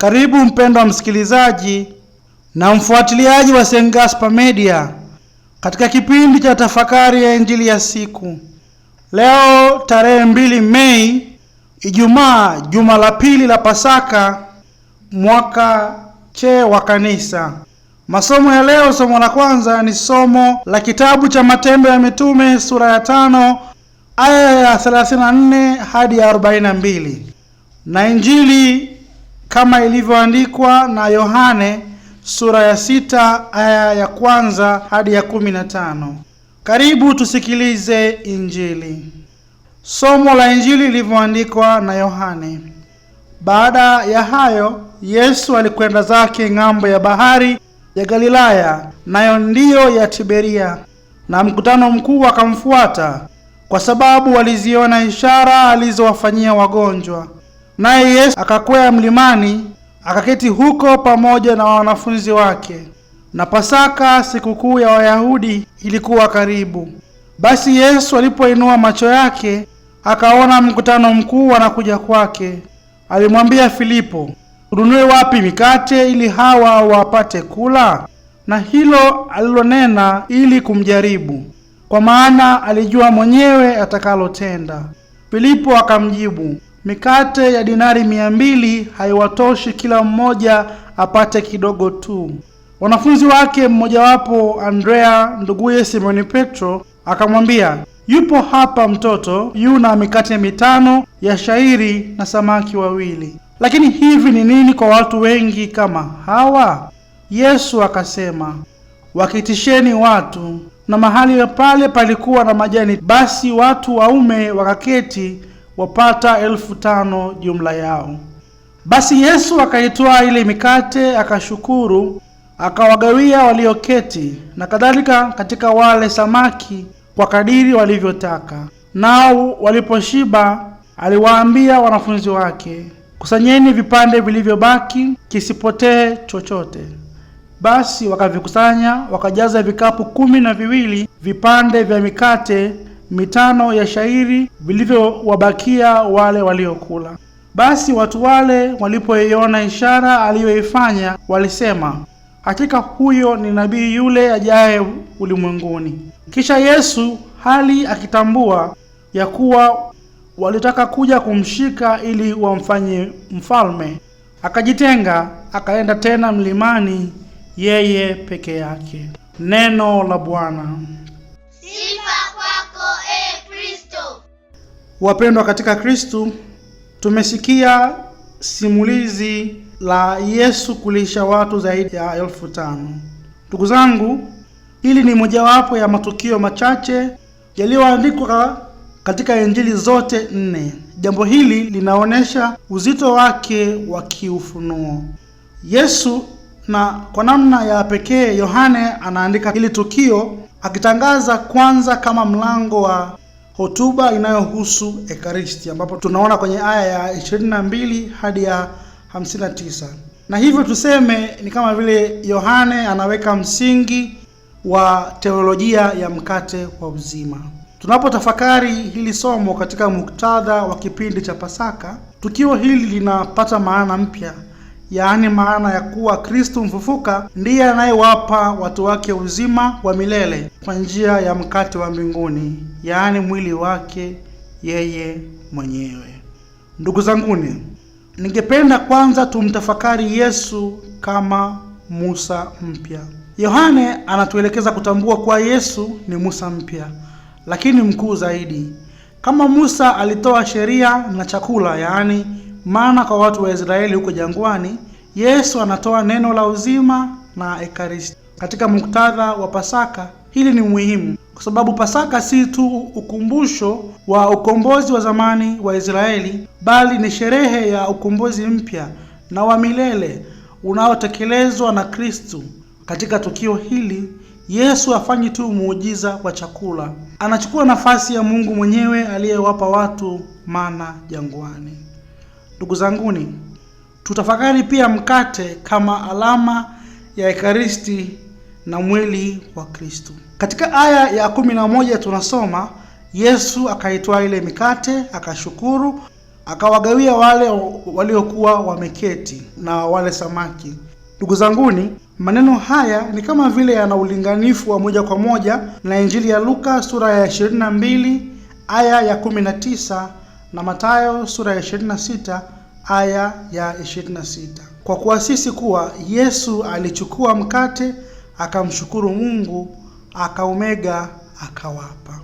Karibu mpendwa msikilizaji na mfuatiliaji wa St. Gaspar Media katika kipindi cha tafakari ya injili ya siku. Leo tarehe 2 Mei, Ijumaa, juma la pili la Pasaka, mwaka che wa Kanisa. Masomo ya leo, somo la kwanza ni somo la kitabu cha Matendo ya Mitume sura ya tano aya ya 34 hadi ya 42 na injili kama ilivyoandikwa na Yohane sura ya sita aya ya kwanza hadi ya kumi na tano. Karibu tusikilize Injili. Somo la Injili lilivyoandikwa na Yohane. Baada ya hayo, Yesu alikwenda zake ng'ambo ya bahari ya Galilaya, nayo ndiyo ya Tiberia, na mkutano mkuu akamfuata, kwa sababu waliziona ishara alizowafanyia wagonjwa. Naye Yesu akakwea mlimani akaketi huko pamoja na wanafunzi wake. Na Pasaka, sikukuu ya Wayahudi, ilikuwa karibu. Basi Yesu alipoinua macho yake akaona mkutano mkuu wanakuja kwake, alimwambia Filipo, tununue wapi mikate ili hawa wapate kula? Na hilo alilonena ili kumjaribu, kwa maana alijua mwenyewe atakalotenda. Filipo akamjibu Mikate ya dinari mia mbili haiwatoshi kila mmoja apate kidogo tu. Wanafunzi wake mmojawapo Andrea, nduguye Simoni Petro, akamwambia, yupo hapa mtoto yuna mikate mitano ya shairi na samaki wawili, lakini hivi ni nini kwa watu wengi kama hawa? Yesu akasema, wakitisheni watu. Na mahali pale palikuwa na majani, basi watu waume wakaketi wapata elfu tano jumla yao. Basi Yesu akaitwaa ile mikate, akashukuru, akawagawia walioketi, na kadhalika katika wale samaki kwa kadiri walivyotaka. Nao waliposhiba, aliwaambia wanafunzi wake, kusanyeni vipande vilivyobaki, kisipotee chochote. Basi wakavikusanya, wakajaza vikapu kumi na viwili vipande vya mikate mitano ya shairi vilivyowabakia wale waliokula. Basi watu wale walipoiona ishara aliyoifanya walisema, hakika huyo ni nabii yule ajaye ulimwenguni. Kisha Yesu hali akitambua ya kuwa walitaka kuja kumshika ili wamfanye mfalme, akajitenga akaenda tena mlimani yeye peke yake. Neno la Bwana. Sifa Wapendwa katika Kristu, tumesikia simulizi la Yesu kulisha watu zaidi ya elfu tano. Ndugu zangu, hili ni mojawapo ya matukio machache yaliyoandikwa katika Injili zote nne. Jambo hili linaonyesha uzito wake wa kiufunuo. Yesu na kwa namna ya pekee Yohane anaandika hili tukio akitangaza kwanza kama mlango wa hotuba inayohusu Ekaristi, ambapo tunaona kwenye aya ya 22 hadi ya 59. Na hivyo tuseme ni kama vile Yohane anaweka msingi wa teolojia ya mkate wa uzima. Tunapotafakari hili somo katika muktadha wa kipindi cha Pasaka, tukio hili linapata maana mpya yaani maana ya kuwa Kristo mfufuka ndiye anayewapa watu wake uzima wa milele kwa njia ya mkate wa mbinguni, yaani mwili wake yeye mwenyewe. Ndugu zanguni, ningependa kwanza tumtafakari Yesu kama Musa mpya. Yohane anatuelekeza kutambua kuwa Yesu ni Musa mpya, lakini mkuu zaidi. Kama Musa alitoa sheria na chakula, yaani mana kwa watu wa Israeli huko jangwani, Yesu anatoa neno la uzima na Ekaristi. Katika muktadha wa Pasaka, hili ni muhimu kwa sababu Pasaka si tu ukumbusho wa ukombozi wa zamani wa Israeli, bali ni sherehe ya ukombozi mpya na wa milele unaotekelezwa na Kristu. Katika tukio hili Yesu hafanyi tu muujiza wa chakula, anachukua nafasi ya Mungu mwenyewe aliyewapa watu mana jangwani. Ndugu zanguni, tutafakari pia mkate kama alama ya Ekaristi na mwili wa Kristo. Katika aya ya kumi na moja tunasoma Yesu akaitoa ile mikate akashukuru, akawagawia wale waliokuwa wameketi na wale samaki. Ndugu zanguni, maneno haya ni kama vile yana ulinganifu wa moja kwa moja na Injili ya Luka sura ya 22 aya ya 19 na Mathayo sura ya 26 aya ya 26, kwa kuasisi kuwa Yesu alichukua mkate akamshukuru Mungu akaumega akawapa.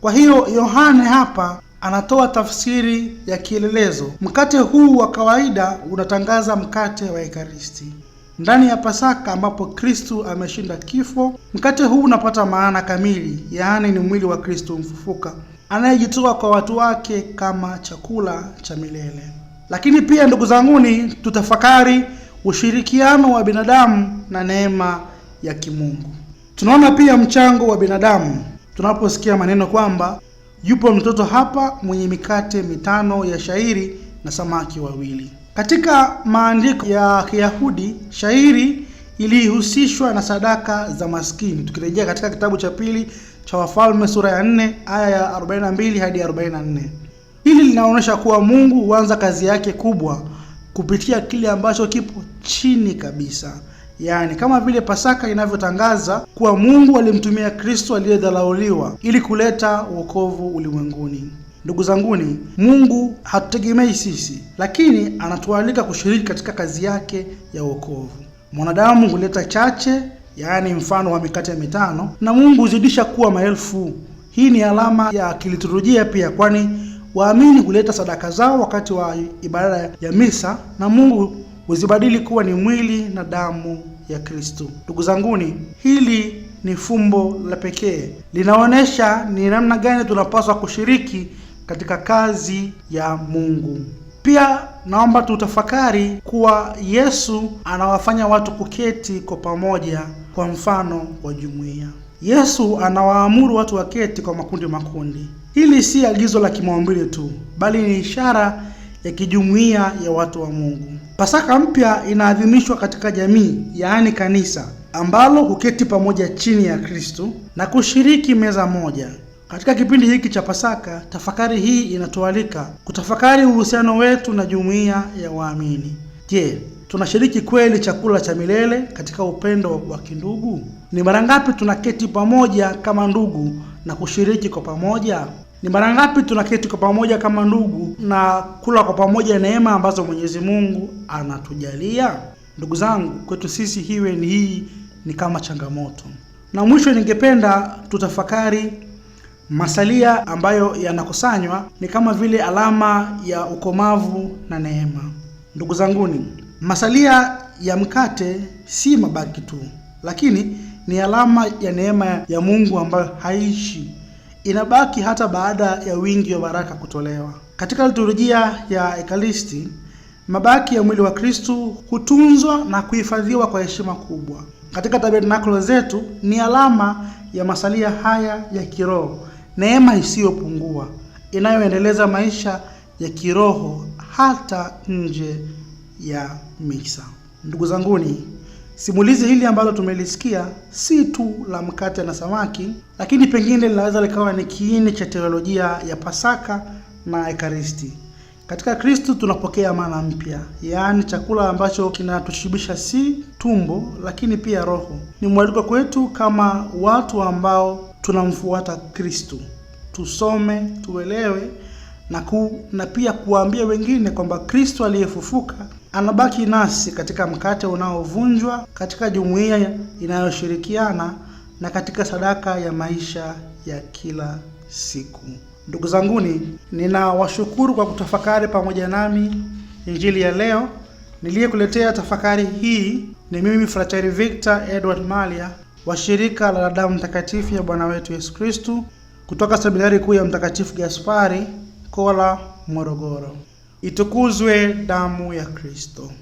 Kwa hiyo Yohane hapa anatoa tafsiri ya kielelezo. Mkate huu wa kawaida unatangaza mkate wa Ekaristi ndani ya Pasaka ambapo Kristu ameshinda kifo. Mkate huu unapata maana kamili, yaani ni mwili wa Kristu mfufuka anayejitoa kwa watu wake kama chakula cha milele. Lakini pia ndugu zanguni, tutafakari ushirikiano wa binadamu na neema ya kimungu. Tunaona pia mchango wa binadamu tunaposikia maneno kwamba yupo mtoto hapa mwenye mikate mitano ya shairi na samaki wawili. Katika maandiko ya Kiyahudi, shairi ilihusishwa na sadaka za maskini. Tukirejea katika kitabu cha pili cha Wafalme sura ya 4 aya ya 42 hadi 44. Hili linaonyesha kuwa Mungu huanza kazi yake kubwa kupitia kile ambacho kipo chini kabisa, yaani kama vile Pasaka inavyotangaza kuwa Mungu alimtumia Kristo aliyedhalauliwa ili kuleta wokovu ulimwenguni. Ndugu zanguni, Mungu hatutegemei sisi, lakini anatualika kushiriki katika kazi yake ya wokovu. Mwanadamu huleta chache, yaani mfano wa mikate mitano, na Mungu huzidisha kuwa maelfu. Hii ni alama ya kiliturujia pia, kwani waamini huleta sadaka zao wakati wa ibada ya misa na Mungu huzibadili kuwa ni mwili na damu ya Kristo. Ndugu zanguni, hili ni fumbo la pekee, linaonyesha ni namna gani tunapaswa kushiriki katika kazi ya Mungu. Pia naomba tutafakari kuwa Yesu anawafanya watu kuketi kwa pamoja kwa mfano wa jumuiya. Yesu anawaamuru watu waketi kwa makundi makundi. Hili si agizo la kimaumbile tu, bali ni ishara ya kijumuiya ya watu wa Mungu. Pasaka mpya inaadhimishwa katika jamii, yaani kanisa, ambalo huketi pamoja chini ya Kristo na kushiriki meza moja. Katika kipindi hiki cha Pasaka, tafakari hii inatualika kutafakari uhusiano wetu na jumuiya ya waamini. Je, tunashiriki kweli chakula cha milele katika upendo wa kindugu? Ni mara ngapi tunaketi pamoja kama ndugu na kushiriki kwa pamoja? Ni mara ngapi tunaketi kwa pamoja kama ndugu na kula kwa pamoja neema ambazo Mwenyezi Mungu anatujalia? Ndugu zangu, kwetu sisi hiwe ni hii ni kama changamoto. Na mwisho, ningependa tutafakari Masalia ambayo yanakusanywa ni kama vile alama ya ukomavu na neema. Ndugu zanguni, masalia ya mkate si mabaki tu, lakini ni alama ya neema ya Mungu ambayo haishi, inabaki hata baada ya wingi wa baraka kutolewa. Katika liturujia ya Ekaristi, mabaki ya mwili wa Kristu hutunzwa na kuhifadhiwa kwa heshima kubwa. Katika tabernakulo zetu ni alama ya masalia haya ya kiroho neema isiyopungua inayoendeleza maisha ya kiroho hata nje ya misa. Ndugu zanguni, simulizi hili ambalo tumelisikia si tu la mkate na samaki, lakini pengine linaweza likawa ni kiini cha teolojia ya Pasaka na Ekaristi. Katika Kristu tunapokea maana mpya, yaani chakula ambacho kinatushibisha si tumbo, lakini pia roho. Ni mwaliko kwetu kama watu ambao tunamfuata Kristo. Tusome, tuelewe na, ku, na pia kuwaambia wengine kwamba Kristo aliyefufuka anabaki nasi katika mkate unaovunjwa, katika jumuiya inayoshirikiana na katika sadaka ya maisha ya kila siku. Ndugu zanguni, ninawashukuru kwa kutafakari pamoja nami injili ya leo. Niliyekuletea tafakari hii ni mimi Frateri Victor Edward Malia wa shirika la damu mtakatifu ya Bwana wetu Yesu Kristu kutoka seminari kuu ya Mtakatifu Gaspari Kola, Morogoro. Itukuzwe damu ya Kristo!